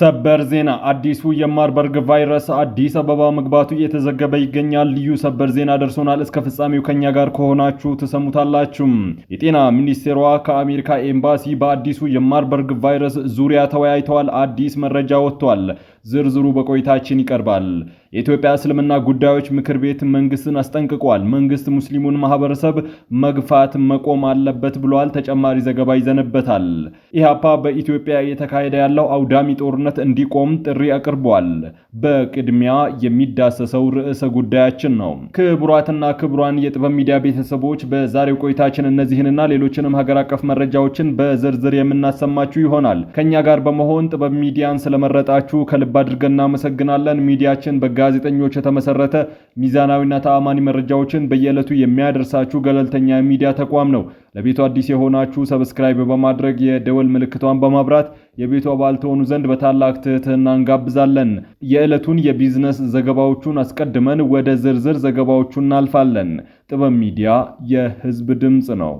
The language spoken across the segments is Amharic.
ሰበር ዜና አዲሱ የማርበርግ ቫይረስ አዲስ አበባ መግባቱ እየተዘገበ ይገኛል። ልዩ ሰበር ዜና ደርሶናል። እስከ ፍጻሜው ከኛ ጋር ከሆናችሁ ትሰሙታላችሁ። የጤና ሚኒስቴሯ ከአሜሪካ ኤምባሲ በአዲሱ የማርበርግ ቫይረስ ዙሪያ ተወያይተዋል። አዲስ መረጃ ወጥቷል። ዝርዝሩ በቆይታችን ይቀርባል። የኢትዮጵያ እስልምና ጉዳዮች ምክር ቤት መንግስትን አስጠንቅቋል። መንግስት ሙስሊሙን ማህበረሰብ መግፋት መቆም አለበት ብሏል። ተጨማሪ ዘገባ ይዘንበታል። ኢህአፓ በኢትዮጵያ እየተካሄደ ያለው አውዳሚ ጦርነት እንዲቆም ጥሪ አቅርቧል። በቅድሚያ የሚዳሰሰው ርዕሰ ጉዳያችን ነው። ክቡራትና ክቡራን የጥበብ ሚዲያ ቤተሰቦች በዛሬው ቆይታችን እነዚህንና ሌሎችንም ሀገር አቀፍ መረጃዎችን በዝርዝር የምናሰማችሁ ይሆናል። ከእኛ ጋር በመሆን ጥበብ ሚዲያን ስለመረጣችሁ ከልብ ከልብ አድርገን እናመሰግናለን። ሚዲያችን በጋዜጠኞች የተመሰረተ ሚዛናዊና ተአማኒ መረጃዎችን በየዕለቱ የሚያደርሳችሁ ገለልተኛ የሚዲያ ተቋም ነው። ለቤቱ አዲስ የሆናችሁ ሰብስክራይብ በማድረግ የደወል ምልክቷን በማብራት የቤቱ አባል ተሆኑ ዘንድ በታላቅ ትህትና እንጋብዛለን። የዕለቱን የቢዝነስ ዘገባዎቹን አስቀድመን ወደ ዝርዝር ዘገባዎቹ እናልፋለን። ጥበብ ሚዲያ የህዝብ ድምፅ ነው።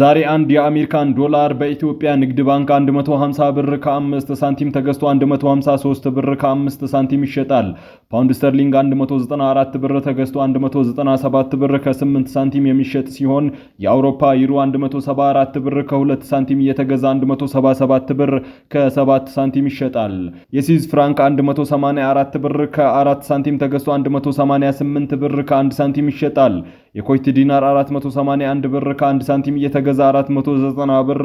ዛሬ አንድ የአሜሪካን ዶላር በኢትዮጵያ ንግድ ባንክ 150 ብር ከ5 ሳንቲም ተገዝቶ 153 ብር ከ5 ሳንቲም ይሸጣል። ፓውንድ ስተርሊንግ 194 ብር ተገዝቶ 197 ብር ከ8 ሳንቲም የሚሸጥ ሲሆን የአውሮፓ ዩሮ 174 ብር ከ2 ሳንቲም እየተገዛ 177 ብር ከ7 ሳንቲም ይሸጣል። የስዊዝ ፍራንክ 184 ብር ከ4 ሳንቲም ተገዝቶ 188 ብር ከ1 ሳንቲም ይሸጣል። የኮይት ዲናር 481 ብር ከ1 ሳንቲም እየተገዛ 490 ብር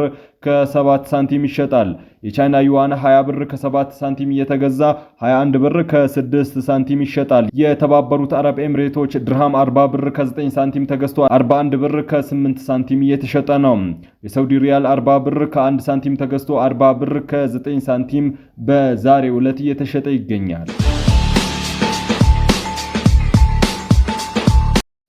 ከ7 ሳንቲም ይሸጣል። የቻይና ዩዋን 20 ብር ከ7 ሳንቲም እየተገዛ 21 ብር ከ6 ሳንቲም ይሸጣል። የተባበሩት አረብ ኤምሬቶች ድርሃም 40 ብር ከ9 ሳንቲም ተገዝቶ 41 ብር ከ8 ሳንቲም እየተሸጠ ነው። የሳውዲ ሪያል 40 ብር ከ1 ሳንቲም ተገዝቶ 40 ብር ከ9 ሳንቲም በዛሬው ዕለት እየተሸጠ ይገኛል።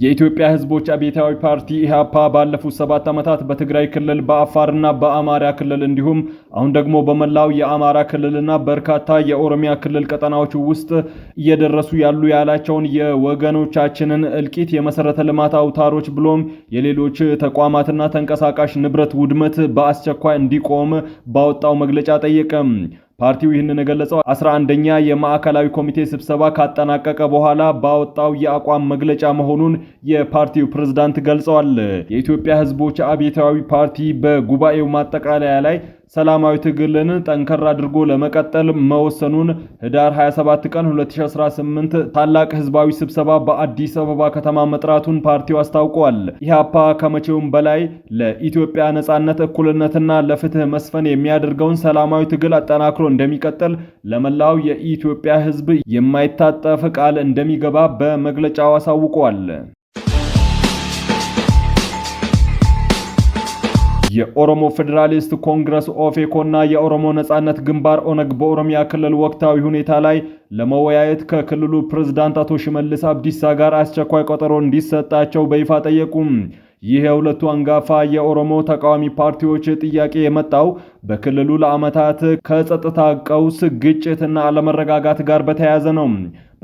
የኢትዮጵያ ህዝቦች አብዮታዊ ፓርቲ ኢህአፓ ባለፉት ሰባት ዓመታት በትግራይ ክልል በአፋርና በአማራ ክልል እንዲሁም አሁን ደግሞ በመላው የአማራ ክልልና በርካታ የኦሮሚያ ክልል ቀጠናዎች ውስጥ እየደረሱ ያሉ ያላቸውን የወገኖቻችንን እልቂት፣ የመሰረተ ልማት አውታሮች ብሎም የሌሎች ተቋማትና ተንቀሳቃሽ ንብረት ውድመት በአስቸኳይ እንዲቆም ባወጣው መግለጫ ጠየቀም። ፓርቲው ይህንን የገለጸው አስራ አንደኛ የማዕከላዊ ኮሚቴ ስብሰባ ካጠናቀቀ በኋላ ባወጣው የአቋም መግለጫ መሆኑን የፓርቲው ፕሬዝዳንት ገልጸዋል። የኢትዮጵያ ሕዝቦች አብዮታዊ ፓርቲ በጉባኤው ማጠቃለያ ላይ ሰላማዊ ትግልን ጠንከር አድርጎ ለመቀጠል መወሰኑን ህዳር 27 ቀን 2018 ታላቅ ህዝባዊ ስብሰባ በአዲስ አበባ ከተማ መጥራቱን ፓርቲው አስታውቋል። ኢህአፓ ከመቼውም በላይ ለኢትዮጵያ ነጻነት፣ እኩልነትና ለፍትህ መስፈን የሚያደርገውን ሰላማዊ ትግል አጠናክሮ እንደሚቀጥል ለመላው የኢትዮጵያ ህዝብ የማይታጠፍ ቃል እንደሚገባ በመግለጫው አሳውቋል። የኦሮሞ ፌዴራሊስት ኮንግረስ ኦፌኮና የኦሮሞ ነጻነት ግንባር ኦነግ በኦሮሚያ ክልል ወቅታዊ ሁኔታ ላይ ለመወያየት ከክልሉ ፕሬዝዳንት አቶ ሽመልስ አብዲሳ ጋር አስቸኳይ ቀጠሮ እንዲሰጣቸው በይፋ ጠየቁም። ይህ የሁለቱ አንጋፋ የኦሮሞ ተቃዋሚ ፓርቲዎች ጥያቄ የመጣው በክልሉ ለዓመታት ከጸጥታ ቀውስ ግጭትና አለመረጋጋት ጋር በተያያዘ ነው።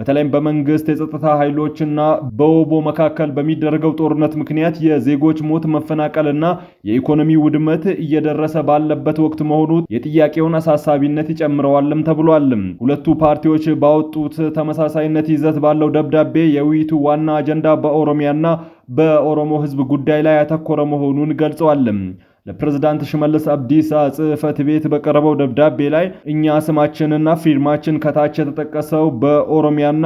በተለይም በመንግስት የጸጥታ ኃይሎችና በወቦ መካከል በሚደረገው ጦርነት ምክንያት የዜጎች ሞት፣ መፈናቀልና የኢኮኖሚ ውድመት እየደረሰ ባለበት ወቅት መሆኑ የጥያቄውን አሳሳቢነት ይጨምረዋልም ተብሏል። ሁለቱ ፓርቲዎች ባወጡት ተመሳሳይነት ይዘት ባለው ደብዳቤ የውይይቱ ዋና አጀንዳ በኦሮሚያና በኦሮሞ ሕዝብ ጉዳይ ላይ ያተኮረ መሆኑን ገልጸዋል። ለፕሬዝዳንት ሽመልስ አብዲሳ ጽህፈት ቤት በቀረበው ደብዳቤ ላይ እኛ ስማችንና ፊርማችን ከታች የተጠቀሰው በኦሮሚያና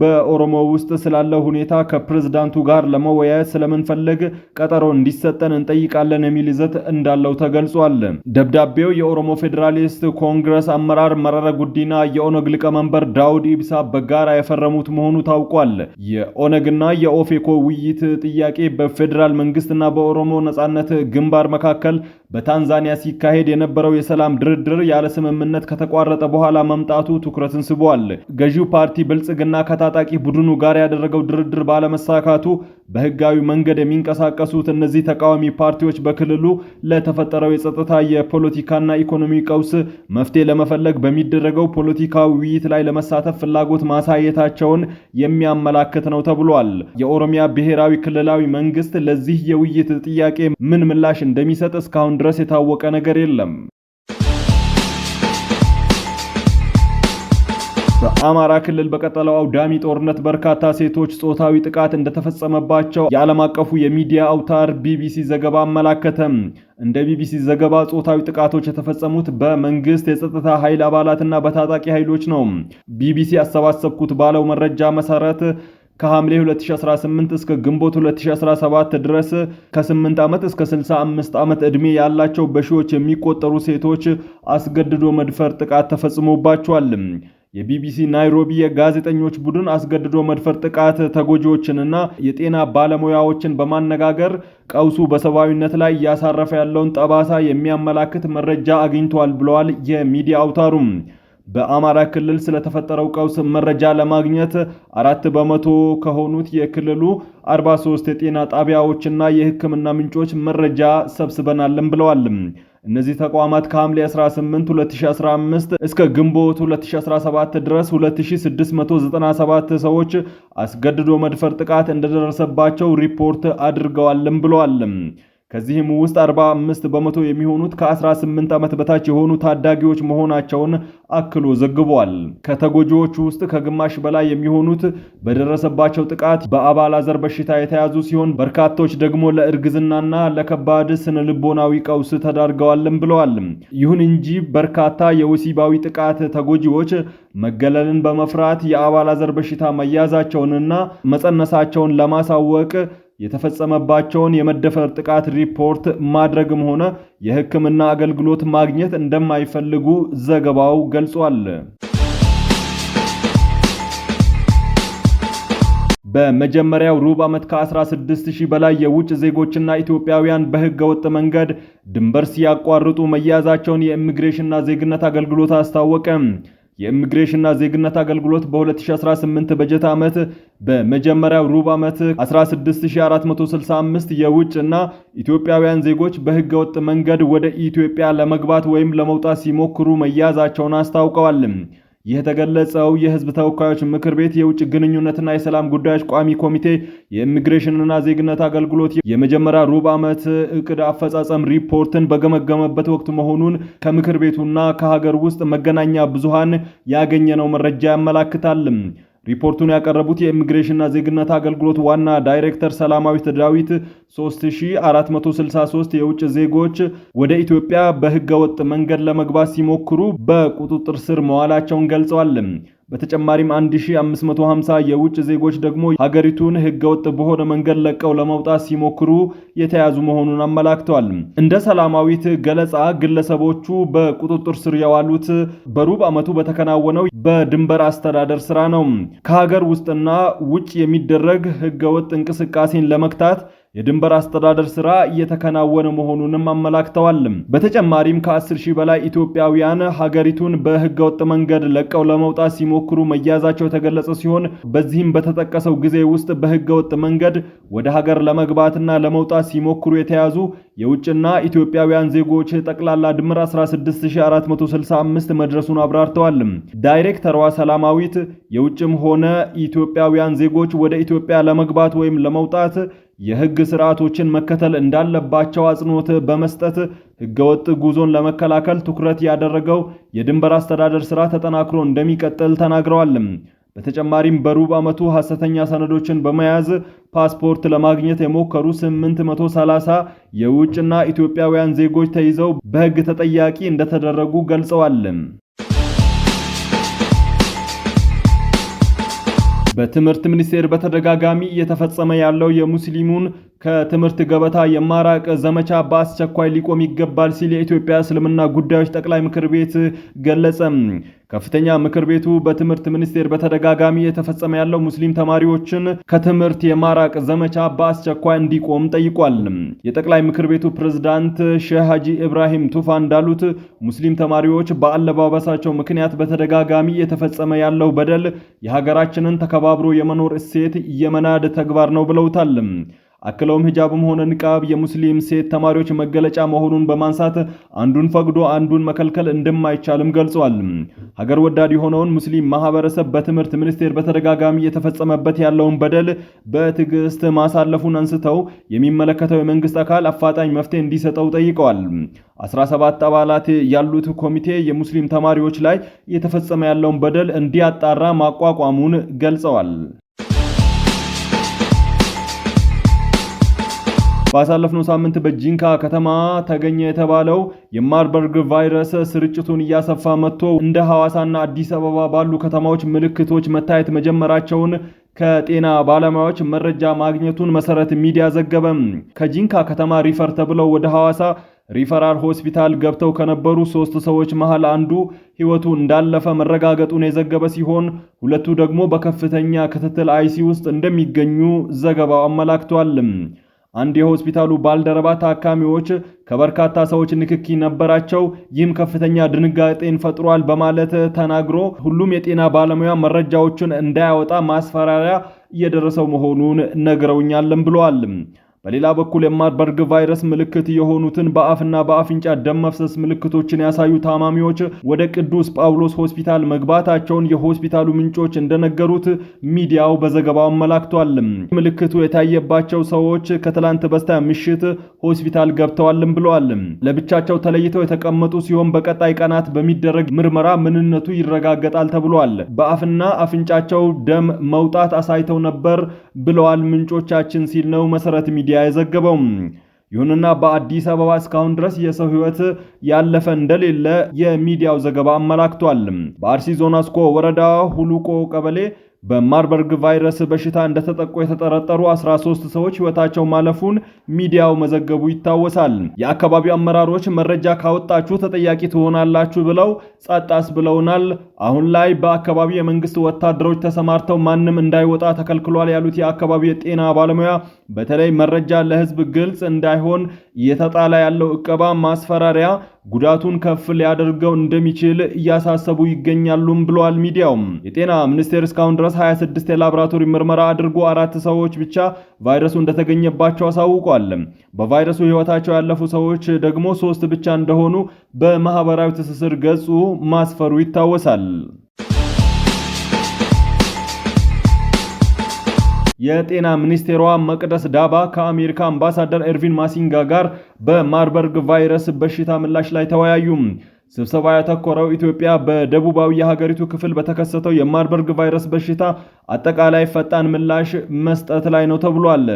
በኦሮሞ ውስጥ ስላለው ሁኔታ ከፕሬዝዳንቱ ጋር ለመወያየት ስለምንፈልግ ቀጠሮ እንዲሰጠን እንጠይቃለን የሚል ይዘት እንዳለው ተገልጿል። ደብዳቤው የኦሮሞ ፌዴራሊስት ኮንግረስ አመራር መረረ ጉዲና፣ የኦነግ ሊቀመንበር ዳውድ ኢብሳ በጋራ የፈረሙት መሆኑ ታውቋል። የኦነግና የኦፌኮ ውይይት ጥያቄ በፌዴራል መንግስትና በኦሮሞ ነጻነት ግንባር መካከል መካከል በታንዛኒያ ሲካሄድ የነበረው የሰላም ድርድር ያለ ስምምነት ከተቋረጠ በኋላ መምጣቱ ትኩረትን ስቧል። ገዢው ፓርቲ ብልጽግና ከታጣቂ ቡድኑ ጋር ያደረገው ድርድር ባለመሳካቱ በህጋዊ መንገድ የሚንቀሳቀሱት እነዚህ ተቃዋሚ ፓርቲዎች በክልሉ ለተፈጠረው የጸጥታ የፖለቲካና ኢኮኖሚ ቀውስ መፍትሄ ለመፈለግ በሚደረገው ፖለቲካዊ ውይይት ላይ ለመሳተፍ ፍላጎት ማሳየታቸውን የሚያመላክት ነው ተብሏል። የኦሮሚያ ብሔራዊ ክልላዊ መንግስት ለዚህ የውይይት ጥያቄ ምን ምላሽ እንደሚሰጥ እንደሚመረጥ እስካሁን ድረስ የታወቀ ነገር የለም። በአማራ ክልል በቀጠለው አውዳሚ ጦርነት በርካታ ሴቶች ጾታዊ ጥቃት እንደተፈጸመባቸው የዓለም አቀፉ የሚዲያ አውታር ቢቢሲ ዘገባ አመላከተም። እንደ ቢቢሲ ዘገባ ጾታዊ ጥቃቶች የተፈጸሙት በመንግስት የጸጥታ ኃይል አባላትና በታጣቂ ኃይሎች ነው። ቢቢሲ ያሰባሰብኩት ባለው መረጃ መሰረት ከሐምሌ 2018 እስከ ግንቦት 2017 ድረስ ከ8 ዓመት እስከ 65 ዓመት ዕድሜ ያላቸው በሺዎች የሚቆጠሩ ሴቶች አስገድዶ መድፈር ጥቃት ተፈጽሞባቸዋል። የቢቢሲ ናይሮቢ የጋዜጠኞች ቡድን አስገድዶ መድፈር ጥቃት ተጎጂዎችንና የጤና ባለሙያዎችን በማነጋገር ቀውሱ በሰብአዊነት ላይ እያሳረፈ ያለውን ጠባሳ የሚያመላክት መረጃ አግኝቷል ብለዋል። የሚዲያ አውታሩም በአማራ ክልል ስለተፈጠረው ቀውስ መረጃ ለማግኘት አራት በመቶ ከሆኑት የክልሉ 43 የጤና ጣቢያዎችና የሕክምና ምንጮች መረጃ ሰብስበናልን ብለዋል። እነዚህ ተቋማት ከሐምሌ 18 2015 እስከ ግንቦት 2017 ድረስ 2697 ሰዎች አስገድዶ መድፈር ጥቃት እንደደረሰባቸው ሪፖርት አድርገዋልም ብለዋል። ከዚህም ውስጥ 45 በመቶ የሚሆኑት ከ18 ዓመት በታች የሆኑ ታዳጊዎች መሆናቸውን አክሎ ዘግቧል። ከተጎጂዎቹ ውስጥ ከግማሽ በላይ የሚሆኑት በደረሰባቸው ጥቃት በአባላዘር በሽታ የተያዙ ሲሆን በርካቶች ደግሞ ለእርግዝናና ለከባድ ስነ ልቦናዊ ቀውስ ተዳርገዋልም ብለዋል። ይሁን እንጂ በርካታ የወሲባዊ ጥቃት ተጎጂዎች መገለልን በመፍራት የአባላዘር በሽታ መያዛቸውንና መጸነሳቸውን ለማሳወቅ የተፈጸመባቸውን የመደፈር ጥቃት ሪፖርት ማድረግም ሆነ የሕክምና አገልግሎት ማግኘት እንደማይፈልጉ ዘገባው ገልጿል። በመጀመሪያው ሩብ ዓመት ከ16 ሺህ በላይ የውጭ ዜጎችና ኢትዮጵያውያን በሕገ ወጥ መንገድ ድንበር ሲያቋርጡ መያዛቸውን የኢሚግሬሽንና ዜግነት አገልግሎት አስታወቀ። የኢሚግሬሽንና ዜግነት አገልግሎት በ2018 በጀት ዓመት በመጀመሪያው ሩብ ዓመት 16465 የውጭ እና ኢትዮጵያውያን ዜጎች በህገወጥ መንገድ ወደ ኢትዮጵያ ለመግባት ወይም ለመውጣት ሲሞክሩ መያዛቸውን አስታውቀዋል። የተገለጸው የህዝብ ተወካዮች ምክር ቤት የውጭ ግንኙነትና የሰላም ጉዳዮች ቋሚ ኮሚቴ የኢሚግሬሽንና ዜግነት አገልግሎት የመጀመሪያ ሩብ ዓመት እቅድ አፈጻጸም ሪፖርትን በገመገመበት ወቅት መሆኑን ከምክር ቤቱና ከሀገር ውስጥ መገናኛ ብዙሃን ያገኘነው መረጃ ያመላክታል። ሪፖርቱን ያቀረቡት የኢሚግሬሽንና ዜግነት አገልግሎት ዋና ዳይሬክተር ሰላማዊት ዳዊት 3463 የውጭ ዜጎች ወደ ኢትዮጵያ በህገወጥ መንገድ ለመግባት ሲሞክሩ በቁጥጥር ስር መዋላቸውን ገልጸዋል። በተጨማሪም 1550 የውጭ ዜጎች ደግሞ ሀገሪቱን ህገወጥ በሆነ መንገድ ለቀው ለመውጣት ሲሞክሩ የተያዙ መሆኑን አመላክተዋል። እንደ ሰላማዊት ገለጻ ግለሰቦቹ በቁጥጥር ስር የዋሉት በሩብ ዓመቱ በተከናወነው በድንበር አስተዳደር ስራ ነው። ከሀገር ውስጥና ውጭ የሚደረግ ህገወጥ እንቅስቃሴን ለመግታት የድንበር አስተዳደር ስራ እየተከናወነ መሆኑንም አመላክተዋል። በተጨማሪም ከ10 ሺህ በላይ ኢትዮጵያውያን ሀገሪቱን በህገ ወጥ መንገድ ለቀው ለመውጣት ሲሞክሩ መያዛቸው የተገለጸ ሲሆን በዚህም በተጠቀሰው ጊዜ ውስጥ በህገ ወጥ መንገድ ወደ ሀገር ለመግባትና ለመውጣት ሲሞክሩ የተያዙ የውጭና ኢትዮጵያውያን ዜጎች ጠቅላላ ድምር 16465 መድረሱን አብራርተዋል። ዳይሬክተሯ ሰላማዊት የውጭም ሆነ ኢትዮጵያውያን ዜጎች ወደ ኢትዮጵያ ለመግባት ወይም ለመውጣት የህግ ስርዓቶችን መከተል እንዳለባቸው አጽንኦት በመስጠት ህገወጥ ጉዞን ለመከላከል ትኩረት ያደረገው የድንበር አስተዳደር ስራ ተጠናክሮ እንደሚቀጥል ተናግረዋል። በተጨማሪም በሩብ ዓመቱ ሐሰተኛ ሰነዶችን በመያዝ ፓስፖርት ለማግኘት የሞከሩ 830 የውጭና ኢትዮጵያውያን ዜጎች ተይዘው በሕግ ተጠያቂ እንደተደረጉ ገልጸዋል። በትምህርት ሚኒስቴር በተደጋጋሚ እየተፈጸመ ያለው የሙስሊሙን ከትምህርት ገበታ የማራቅ ዘመቻ በአስቸኳይ ሊቆም ይገባል ሲል የኢትዮጵያ እስልምና ጉዳዮች ጠቅላይ ምክር ቤት ገለጸ። ከፍተኛ ምክር ቤቱ በትምህርት ሚኒስቴር በተደጋጋሚ የተፈጸመ ያለው ሙስሊም ተማሪዎችን ከትምህርት የማራቅ ዘመቻ በአስቸኳይ እንዲቆም ጠይቋል። የጠቅላይ ምክር ቤቱ ፕሬዝዳንት ሼህ ሀጂ ኢብራሂም ቱፋ እንዳሉት ሙስሊም ተማሪዎች በአለባበሳቸው ምክንያት በተደጋጋሚ የተፈጸመ ያለው በደል የሀገራችንን ተከባብሮ የመኖር እሴት የመናድ ተግባር ነው ብለውታል። አክለውም ሂጃብም ሆነ ንቃብ የሙስሊም ሴት ተማሪዎች መገለጫ መሆኑን በማንሳት አንዱን ፈቅዶ አንዱን መከልከል እንደማይቻልም ገልጿል። ሀገር ወዳድ የሆነውን ሙስሊም ማህበረሰብ በትምህርት ሚኒስቴር በተደጋጋሚ የተፈጸመበት ያለውን በደል በትዕግስት ማሳለፉን አንስተው የሚመለከተው የመንግስት አካል አፋጣኝ መፍትሄ እንዲሰጠው ጠይቀዋል። 17 አባላት ያሉት ኮሚቴ የሙስሊም ተማሪዎች ላይ እየተፈጸመ ያለውን በደል እንዲያጣራ ማቋቋሙን ገልጸዋል። ባሳለፍነው ሳምንት በጂንካ ከተማ ተገኘ የተባለው የማርበርግ ቫይረስ ስርጭቱን እያሰፋ መጥቶ እንደ ሐዋሳና አዲስ አበባ ባሉ ከተማዎች ምልክቶች መታየት መጀመራቸውን ከጤና ባለሙያዎች መረጃ ማግኘቱን መሰረት ሚዲያ ዘገበም። ከጂንካ ከተማ ሪፈር ተብለው ወደ ሐዋሳ ሪፈራል ሆስፒታል ገብተው ከነበሩ ሶስት ሰዎች መሃል አንዱ ሕይወቱ እንዳለፈ መረጋገጡን የዘገበ ሲሆን ሁለቱ ደግሞ በከፍተኛ ክትትል አይሲ ውስጥ እንደሚገኙ ዘገባው አመላክቷል። አንድ የሆስፒታሉ ባልደረባ ታካሚዎች ከበርካታ ሰዎች ንክኪ ነበራቸው፣ ይህም ከፍተኛ ድንጋጤን ፈጥሯል በማለት ተናግሮ ሁሉም የጤና ባለሙያ መረጃዎቹን እንዳያወጣ ማስፈራሪያ እየደረሰው መሆኑን ነግረውኛለን ብለዋል። በሌላ በኩል የማርበርግ ቫይረስ ምልክት የሆኑትን በአፍና በአፍንጫ ደም መፍሰስ ምልክቶችን ያሳዩ ታማሚዎች ወደ ቅዱስ ጳውሎስ ሆስፒታል መግባታቸውን የሆስፒታሉ ምንጮች እንደነገሩት ሚዲያው በዘገባው አመላክቷል። ምልክቱ የታየባቸው ሰዎች ከትላንት በስቲያ ምሽት ሆስፒታል ገብተዋልም ብለዋል። ለብቻቸው ተለይተው የተቀመጡ ሲሆን በቀጣይ ቀናት በሚደረግ ምርመራ ምንነቱ ይረጋገጣል ተብሏል። በአፍና አፍንጫቸው ደም መውጣት አሳይተው ነበር ብለዋል ምንጮቻችን ሲል ነው መሰረት ሚዲያ ሚዲያ የዘገበው። ይሁንና በአዲስ አበባ እስካሁን ድረስ የሰው ሕይወት ያለፈ እንደሌለ የሚዲያው ዘገባ አመላክቷል። በአርሲ ዞን አስኮ ወረዳ ሁሉቆ ቀበሌ በማርበርግ ቫይረስ በሽታ እንደተጠቁ የተጠረጠሩ 13 ሰዎች ሕይወታቸው ማለፉን ሚዲያው መዘገቡ ይታወሳል። የአካባቢው አመራሮች መረጃ ካወጣችሁ ተጠያቂ ትሆናላችሁ ብለው ጸጣስ ብለውናል። አሁን ላይ በአካባቢው የመንግስት ወታደሮች ተሰማርተው ማንም እንዳይወጣ ተከልክሏል ያሉት የአካባቢው የጤና ባለሙያ በተለይ መረጃ ለህዝብ ግልጽ እንዳይሆን እየተጣላ ያለው እቀባ፣ ማስፈራሪያ ጉዳቱን ከፍ ሊያደርገው እንደሚችል እያሳሰቡ ይገኛሉም ብለዋል። ሚዲያውም የጤና ሚኒስቴር እስካሁን ድረስ 26 የላቦራቶሪ ምርመራ አድርጎ አራት ሰዎች ብቻ ቫይረሱ እንደተገኘባቸው አሳውቋል። በቫይረሱ ሕይወታቸው ያለፉ ሰዎች ደግሞ ሶስት ብቻ እንደሆኑ በማህበራዊ ትስስር ገጹ ማስፈሩ ይታወሳል። የጤና ሚኒስቴሯ መቅደስ ዳባ ከአሜሪካ አምባሳደር ኤርቪን ማሲንጋ ጋር በማርበርግ ቫይረስ በሽታ ምላሽ ላይ ተወያዩ። ስብሰባ ያተኮረው ኢትዮጵያ በደቡባዊ የሀገሪቱ ክፍል በተከሰተው የማርበርግ ቫይረስ በሽታ አጠቃላይ ፈጣን ምላሽ መስጠት ላይ ነው ተብሏል።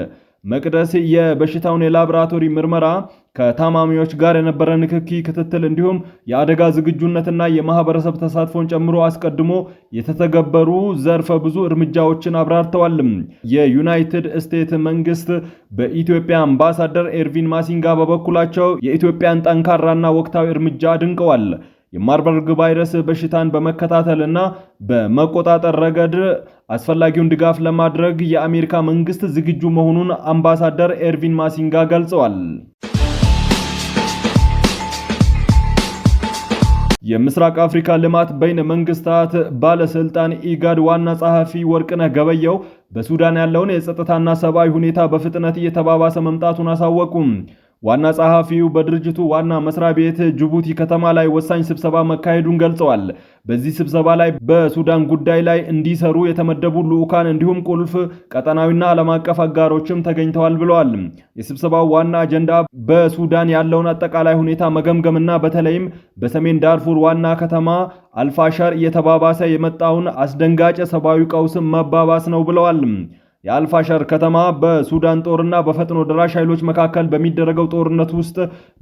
መቅደስ የበሽታውን የላብራቶሪ ምርመራ ከታማሚዎች ጋር የነበረ ንክኪ ክትትል እንዲሁም የአደጋ ዝግጁነትና የማህበረሰብ ተሳትፎን ጨምሮ አስቀድሞ የተተገበሩ ዘርፈ ብዙ እርምጃዎችን አብራርተዋል። የዩናይትድ ስቴትስ መንግስት በኢትዮጵያ አምባሳደር ኤርቪን ማሲንጋ በበኩላቸው የኢትዮጵያን ጠንካራና ወቅታዊ እርምጃ አድንቀዋል። የማርበርግ ቫይረስ በሽታን በመከታተልና በመቆጣጠር ረገድ አስፈላጊውን ድጋፍ ለማድረግ የአሜሪካ መንግስት ዝግጁ መሆኑን አምባሳደር ኤርቪን ማሲንጋ ገልጸዋል። የምስራቅ አፍሪካ ልማት በይነ መንግስታት ባለስልጣን ኢጋድ ዋና ጸሐፊ ወርቅነህ ገበየው በሱዳን ያለውን የጸጥታና ሰብአዊ ሁኔታ በፍጥነት እየተባባሰ መምጣቱን አሳወቁም። ዋና ጸሐፊው በድርጅቱ ዋና መስሪያ ቤት ጅቡቲ ከተማ ላይ ወሳኝ ስብሰባ መካሄዱን ገልጸዋል። በዚህ ስብሰባ ላይ በሱዳን ጉዳይ ላይ እንዲሰሩ የተመደቡ ልዑካን እንዲሁም ቁልፍ ቀጠናዊና ዓለም አቀፍ አጋሮችም ተገኝተዋል ብለዋል። የስብሰባው ዋና አጀንዳ በሱዳን ያለውን አጠቃላይ ሁኔታ መገምገምና በተለይም በሰሜን ዳርፉር ዋና ከተማ አልፋሻር እየተባባሰ የመጣውን አስደንጋጭ ሰብአዊ ቀውስ መባባስ ነው ብለዋል። የአልፋሸር ከተማ በሱዳን ጦርና በፈጥኖ ደራሽ ኃይሎች መካከል በሚደረገው ጦርነት ውስጥ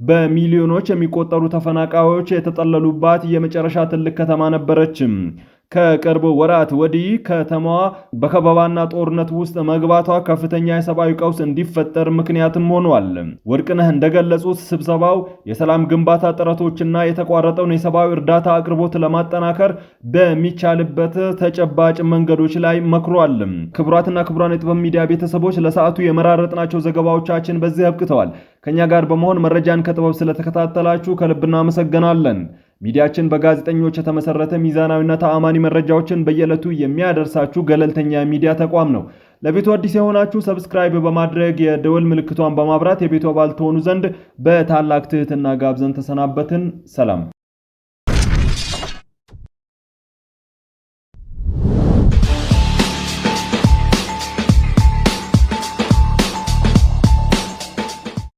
በሚሊዮኖች የሚቆጠሩ ተፈናቃዮች የተጠለሉባት የመጨረሻ ትልቅ ከተማ ነበረች። ከቅርብ ወራት ወዲህ ከተማዋ በከበባና ጦርነት ውስጥ መግባቷ ከፍተኛ የሰብአዊ ቀውስ እንዲፈጠር ምክንያትም ሆኗል። ወርቅነህ እንደገለጹት ስብሰባው የሰላም ግንባታ ጥረቶችና የተቋረጠውን የሰብአዊ እርዳታ አቅርቦት ለማጠናከር በሚቻልበት ተጨባጭ መንገዶች ላይ መክሯል። ክቡራትና ክቡራን የጥበብ ሚዲያ ቤተሰቦች ለሰዓቱ የመራረጥናቸው ዘገባዎቻችን በዚህ አብቅተዋል። ከእኛ ጋር በመሆን መረጃን ከጥበብ ስለተከታተላችሁ ከልብ እናመሰግናለን። ሚዲያችን በጋዜጠኞች የተመሰረተ ሚዛናዊና ተአማኒ መረጃዎችን በየዕለቱ የሚያደርሳችሁ ገለልተኛ ሚዲያ ተቋም ነው። ለቤቱ አዲስ የሆናችሁ ሰብስክራይብ በማድረግ የደወል ምልክቷን በማብራት የቤቱ አባል ትሆኑ ዘንድ በታላቅ ትህትና ጋብዘን ተሰናበትን። ሰላም።